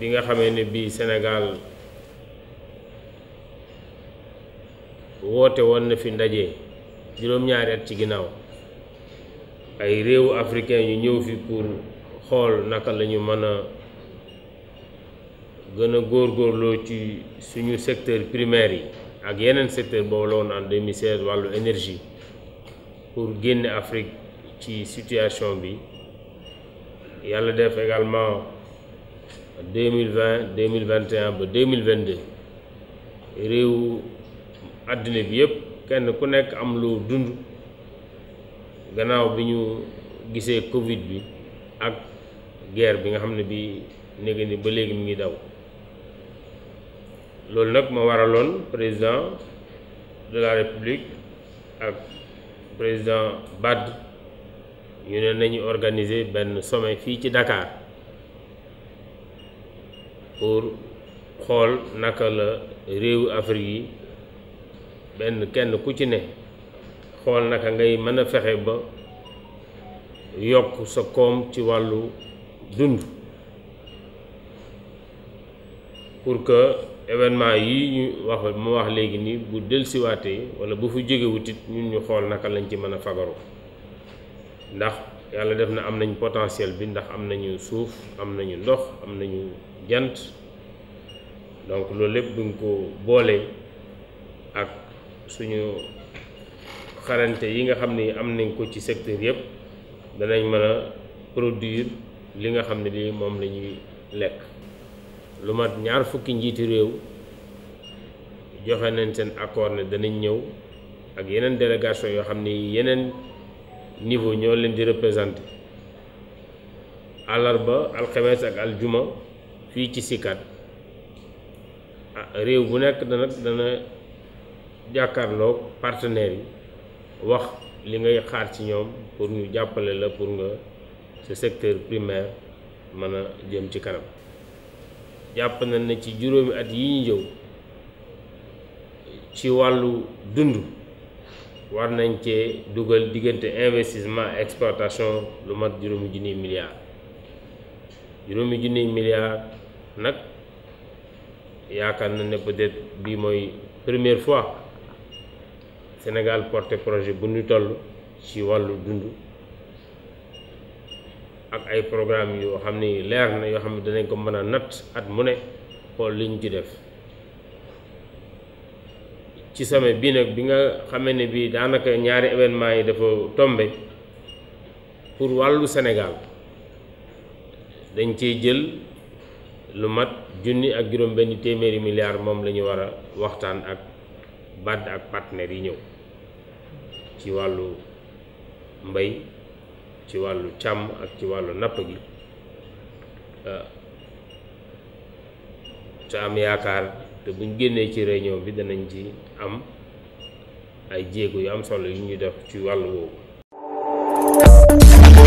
bi nga xamee ne bii senegaal woote woon na fi ndaje juróom-ñaari at ci ginnaaw ay réewu africain yu ñëw fi pour xool naka lañu ñu mën a gën a góorgóorloo ci suñu secteur primaire yi ak yeneen secteur boobu la woon en 2016 wàllu énergie pour génne Afrique ci situation bi yàlla def également 2020 2021 2022 Il àddina bi yëpp kenn ku nekk am loo dund gannaaw bi ñu gisee covid bi ak guerre bi nga xam ne bi néega ni ba léegi mi ngi daw loolu nag ma waraloon président de la république ak président Bad ñu ne nañu organiser benn sommet fii ci Dakar pour xool naka la réewu Afrique yi benn kenn ku ci ne xool naka ngay mën a fexe ba yokk sa koom ci wàllu dund pour que événement yi ñu wax mu wax léegi nii bu delsiwaatee wala bu fi jógewut it ñun ñu xool naka lañ ci mën a fagaru ndax yàlla def na am nañ potentiel bi ndax am nañu suuf am nañu ndox am nañu jant donc loolu lépp buñ ko boole ak suñu xarante yi nga xam ni am nañ ko ci secteur yëpp danañ mën a produire li nga xam ne lii moom la ñuy lekk lu mat ñaar fukki njiiti réew joxe nañ seen accord ne danañ ñëw ak yeneen délégation yoo xam ni yeneen niveau ñoo leen di représenté àllarba alxames ak aljuma fii ci sikat ah réew bu nekk dana dana jàkkaarloog partenaires yi wax li ngay xaar ci ñoom pour ñu jàppale la pour nga sa secteur primaire mën a jëm ci kanam jàpp nañ ne ci juróomi at yi ñu jëw ci wàllu dund war nañ cee dugal diggante investissement exploitation lu mat juróomi junniy milliards juróomi junniy milliards nag yaakaar na ne peut-être bii mooy première fois Sénégal porté projet bu nu toll ci wàllu dund ak ay programme yoo xam ni leer na yoo xam ne danañ ko mën a natt at mu ne xool liñ ci def ci sommet bii nag bi nga xamee ne bii daanaka ñaari événement yi dafa tombe pour wàllu Sénégal dañ ciy jël lu mat junni ak juróom benn téeméeri milliard moom lañu ñu war a waxtaan ak BAD ak partenaires yi ñëw ci wàllu mbay ci wàllu càmm ak ci wàllu napp gi te am yaakaar te buñ génnee ci réunion bi danañ ci am ay jéego yu am solo yu def ci wàllu woowu